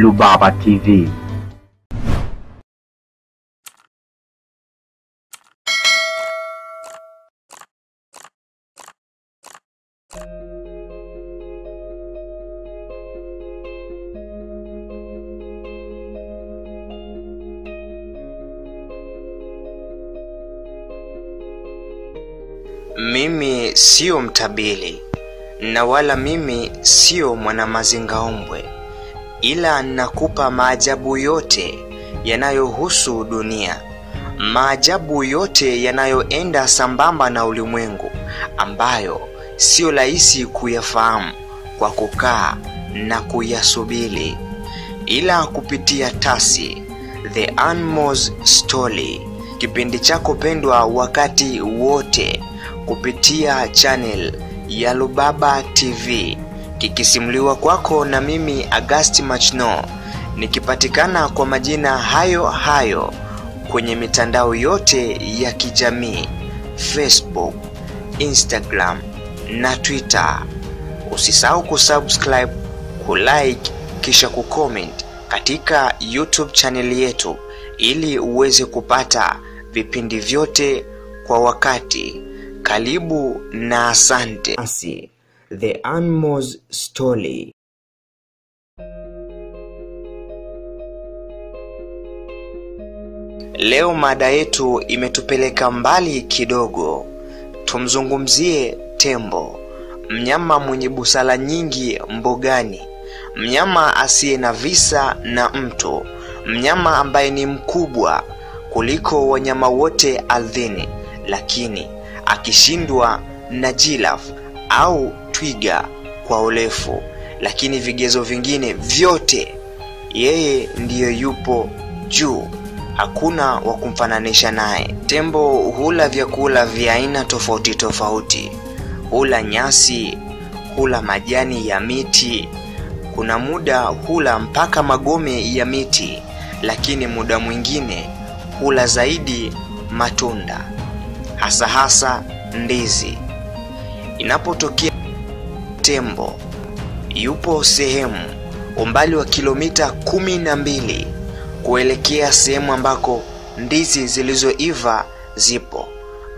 Rubaba TV. Mimi sio mtabili na wala mimi sio mwanamazingaombwe ila nakupa maajabu yote yanayohusu dunia, maajabu yote yanayoenda sambamba na ulimwengu, ambayo siyo rahisi kuyafahamu kwa kukaa na kuyasubiri, ila kupitia Tasi The Animals Story, kipindi chako pendwa wakati wote, kupitia channel ya lubaba TV kikisimuliwa kwako na mimi Agasti Machno, nikipatikana kwa majina hayo hayo kwenye mitandao yote ya kijamii Facebook, Instagram na Twitter. Usisahau kusubscribe, kulike kisha kucomment katika YouTube chaneli yetu ili uweze kupata vipindi vyote kwa wakati. Karibu na asante. Asi. The Animal's Story. Leo mada yetu imetupeleka mbali kidogo. Tumzungumzie tembo, mnyama mwenye busara nyingi mbugani, mnyama asiye na visa na mtu, mnyama ambaye ni mkubwa kuliko wanyama wote ardhini, lakini akishindwa na jilaf au twiga kwa urefu, lakini vigezo vingine vyote yeye ndiyo yupo juu, hakuna wa kumfananisha naye. Tembo hula vyakula vya aina tofauti tofauti, hula nyasi, hula majani ya miti, kuna muda hula mpaka magome ya miti, lakini muda mwingine hula zaidi matunda, hasa hasa ndizi. Inapotokea tembo yupo sehemu umbali wa kilomita kumi na mbili kuelekea sehemu ambako ndizi zilizoiva zipo,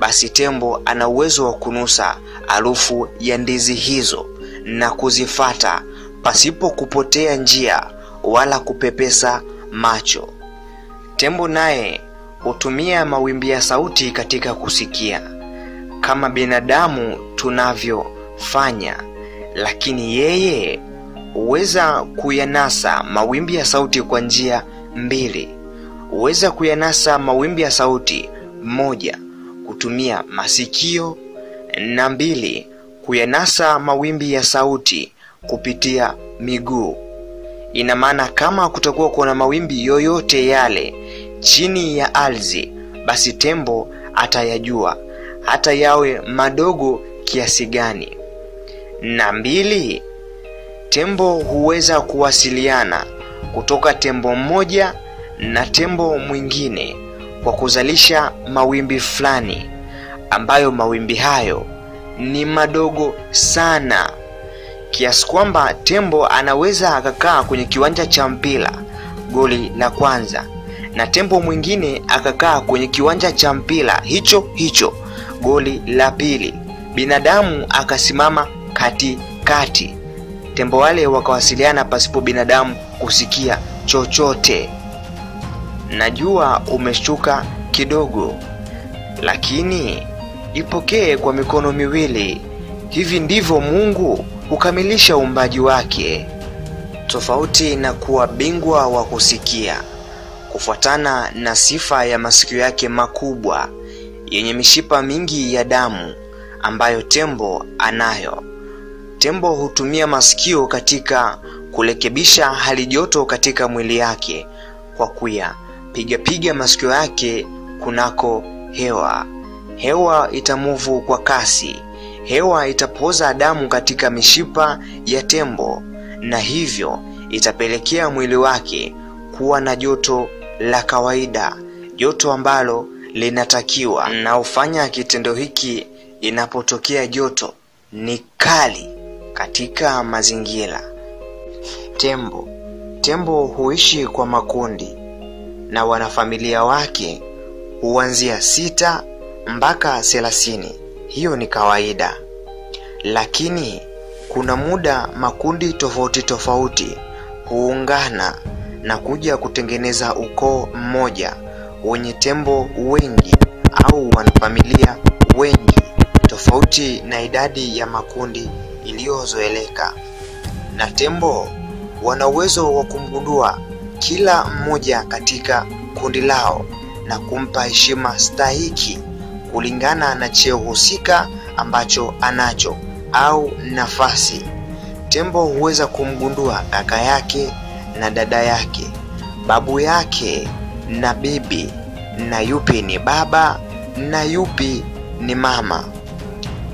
basi tembo ana uwezo wa kunusa harufu ya ndizi hizo na kuzifata pasipo kupotea njia wala kupepesa macho. Tembo naye hutumia mawimbi ya sauti katika kusikia kama binadamu tunavyofanya lakini yeye huweza kuyanasa mawimbi ya sauti kwa njia mbili. Huweza kuyanasa mawimbi ya sauti moja, kutumia masikio na mbili, kuyanasa mawimbi ya sauti kupitia miguu. Ina maana kama kutakuwa kuna mawimbi yoyote yale chini ya ardhi, basi tembo atayajua hata yawe madogo kiasi gani na mbili. Tembo huweza kuwasiliana kutoka tembo mmoja na tembo mwingine kwa kuzalisha mawimbi fulani ambayo mawimbi hayo ni madogo sana kiasi kwamba tembo anaweza akakaa kwenye kiwanja cha mpira goli la kwanza na tembo mwingine akakaa kwenye kiwanja cha mpira hicho hicho goli la pili binadamu akasimama kati kati. Tembo wale wakawasiliana pasipo binadamu kusikia chochote. Najua umeshtuka kidogo, lakini ipokee kwa mikono miwili. Hivi ndivyo Mungu hukamilisha uumbaji wake. Tofauti na kuwa bingwa wa kusikia, kufuatana na sifa ya masikio yake makubwa yenye mishipa mingi ya damu ambayo tembo anayo. Tembo hutumia masikio katika kurekebisha joto katika mwili yake kwa kuya piga piga masikio yake kunako hewa. Hewa itamuvu kwa kasi. Hewa itapoza damu katika mishipa ya tembo na hivyo itapelekea mwili wake kuwa na joto la kawaida, joto ambalo linatakiwa na ufanya kitendo hiki inapotokea joto ni kali katika mazingira. Tembo tembo huishi kwa makundi na wanafamilia wake huanzia sita mpaka thelathini. Hiyo ni kawaida, lakini kuna muda makundi tofauti tofauti huungana na kuja kutengeneza ukoo mmoja wenye tembo wengi au wanafamilia wengi, tofauti na idadi ya makundi iliyozoeleka, na tembo wana uwezo wa kumgundua kila mmoja katika kundi lao na kumpa heshima stahiki kulingana na cheo husika ambacho anacho au nafasi. Tembo huweza kumgundua kaka yake na dada yake, babu yake na bibi, na yupi ni baba na yupi ni mama.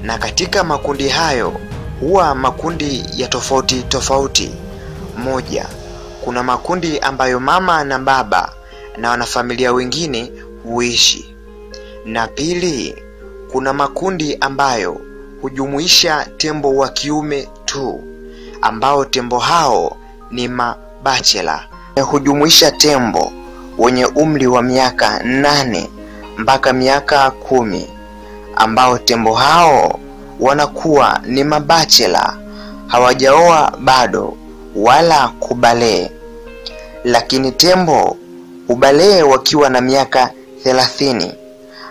Na katika makundi hayo huwa makundi ya tofauti tofauti. Moja, kuna makundi ambayo mama na baba na wanafamilia wengine huishi, na pili, kuna makundi ambayo hujumuisha tembo wa kiume tu, ambao tembo hao ni mabachela. Hujumuisha tembo wenye umri wa miaka nane mpaka miaka kumi ambao tembo hao wanakuwa ni mabachela, hawajaoa bado wala kubalee, lakini tembo ubalee wakiwa na miaka thelathini.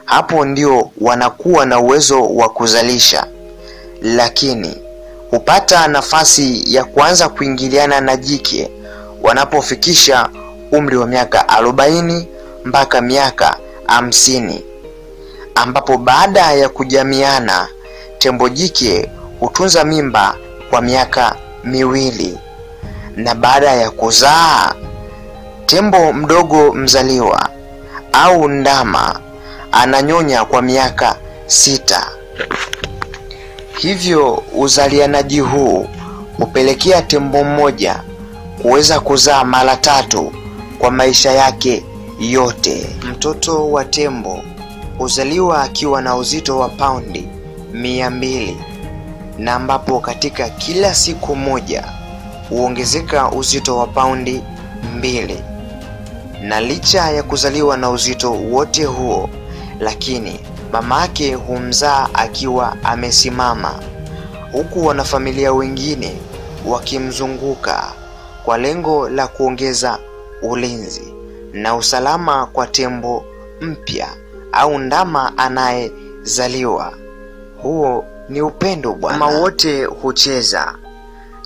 Hapo ndio wanakuwa na uwezo wa kuzalisha, lakini hupata nafasi ya kuanza kuingiliana na jike wanapofikisha umri wa miaka arobaini mpaka miaka hamsini ambapo baada ya kujamiana tembo jike hutunza mimba kwa miaka miwili na baada ya kuzaa tembo mdogo mzaliwa au ndama ananyonya kwa miaka sita. Hivyo uzalianaji huu hupelekea tembo mmoja kuweza kuzaa mara tatu kwa maisha yake yote. Mtoto wa tembo huzaliwa akiwa na uzito wa paundi mia mbili na ambapo katika kila siku moja huongezeka uzito wa paundi mbili na licha ya kuzaliwa na uzito wote huo, lakini mamake humzaa akiwa amesimama, huku wanafamilia wengine wakimzunguka kwa lengo la kuongeza ulinzi na usalama kwa tembo mpya au ndama anayezaliwa. Huo ni upendo bwana. Kama wote hucheza,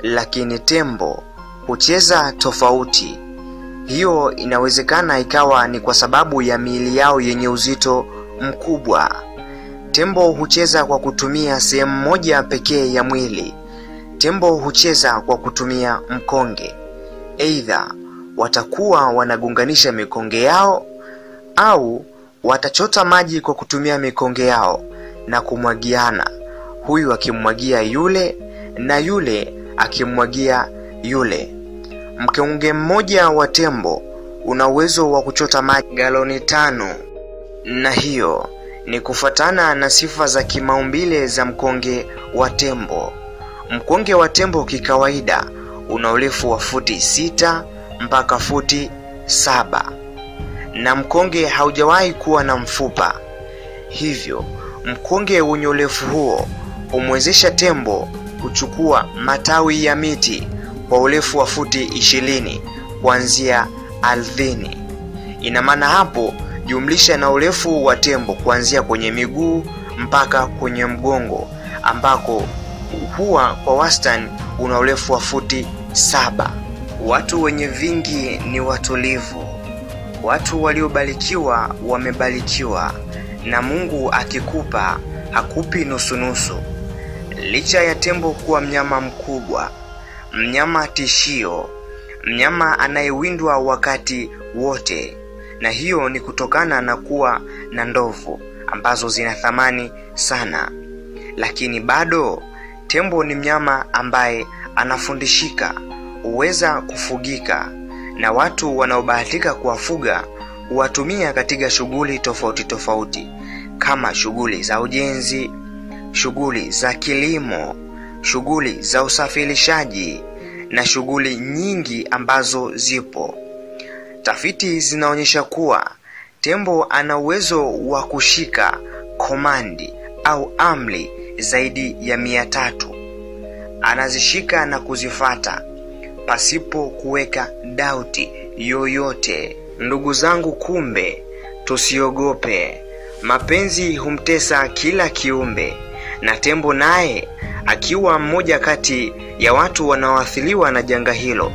lakini tembo hucheza tofauti. Hiyo inawezekana ikawa ni kwa sababu ya miili yao yenye uzito mkubwa. Tembo hucheza kwa kutumia sehemu moja pekee ya mwili. Tembo hucheza kwa kutumia mkonge. Aidha, watakuwa wanagunganisha mikonge yao au watachota maji kwa kutumia mikonge yao na kumwagiana, huyu akimwagia yule na yule akimwagia yule. mkeunge mmoja wa tembo una uwezo wa kuchota maji galoni tano, na hiyo ni kufuatana na sifa za kimaumbile za mkonge wa tembo. Mkonge wa tembo kikawaida una urefu wa futi sita mpaka futi saba na mkonge haujawahi kuwa na mfupa, hivyo Mkonge wenye urefu huo humwezesha tembo kuchukua matawi ya miti kwa urefu wa futi ishirini kuanzia ardhini. Ina maana hapo jumlisha na urefu wa tembo kuanzia kwenye miguu mpaka kwenye mgongo ambako huwa kwa wastani una urefu wa futi saba. Watu wenye vingi ni watulivu. Watu waliobarikiwa wamebarikiwa na Mungu akikupa hakupi nusunusu. Licha ya tembo kuwa mnyama mkubwa, mnyama tishio, mnyama anayewindwa wakati wote, na hiyo ni kutokana na kuwa na ndovu ambazo zina thamani sana, lakini bado tembo ni mnyama ambaye anafundishika, huweza kufugika, na watu wanaobahatika kuwafuga huwatumia katika shughuli tofauti tofauti kama shughuli za ujenzi, shughuli za kilimo, shughuli za usafirishaji na shughuli nyingi ambazo zipo. Tafiti zinaonyesha kuwa tembo ana uwezo wa kushika komandi au amri zaidi ya mia tatu. Anazishika na kuzifata pasipo kuweka dauti yoyote. Ndugu zangu, kumbe tusiogope. Mapenzi humtesa kila kiumbe, na tembo naye akiwa mmoja kati ya watu wanaoathiriwa na janga hilo.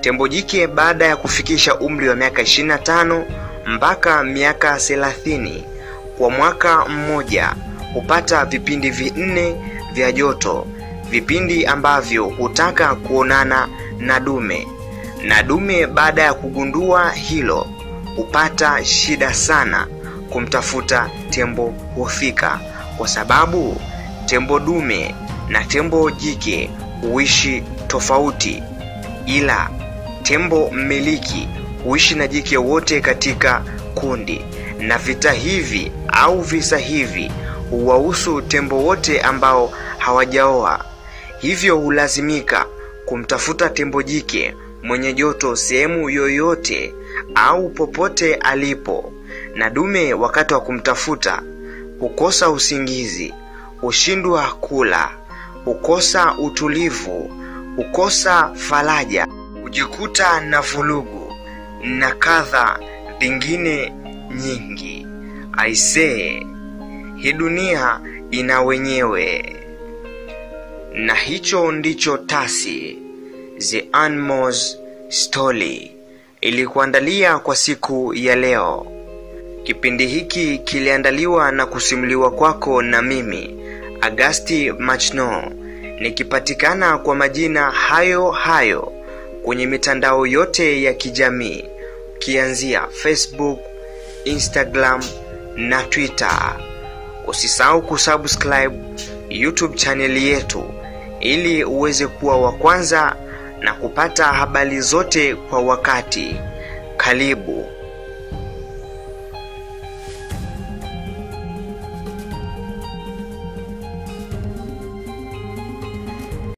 Tembo jike baada ya kufikisha umri wa miaka 25 mpaka miaka 30 kwa mwaka mmoja hupata vipindi vinne vya joto, vipindi ambavyo hutaka kuonana na dume na dume baada ya kugundua hilo hupata shida sana kumtafuta tembo hufika kwa sababu tembo dume na tembo jike huishi tofauti ila tembo mmiliki huishi na jike wote katika kundi na vita hivi au visa hivi huwahusu tembo wote ambao hawajaoa hivyo hulazimika kumtafuta tembo jike mwenye joto sehemu yoyote au popote alipo, na dume wakati wa kumtafuta hukosa usingizi, hushindwa kula, hukosa utulivu, hukosa faraja, hujikuta na vulugu na kadha vingine nyingi. Aisee, hii dunia ina wenyewe, na hicho ndicho tasi The Anmos Story ilikuandalia kwa siku ya leo. Kipindi hiki kiliandaliwa na kusimuliwa kwako na mimi Agasti Machno, nikipatikana kwa majina hayo hayo kwenye mitandao yote ya kijamii kianzia Facebook, Instagram na Twitter. Usisahau kusubscribe YouTube chaneli yetu ili uweze kuwa wa kwanza na kupata habari zote kwa wakati. Karibu.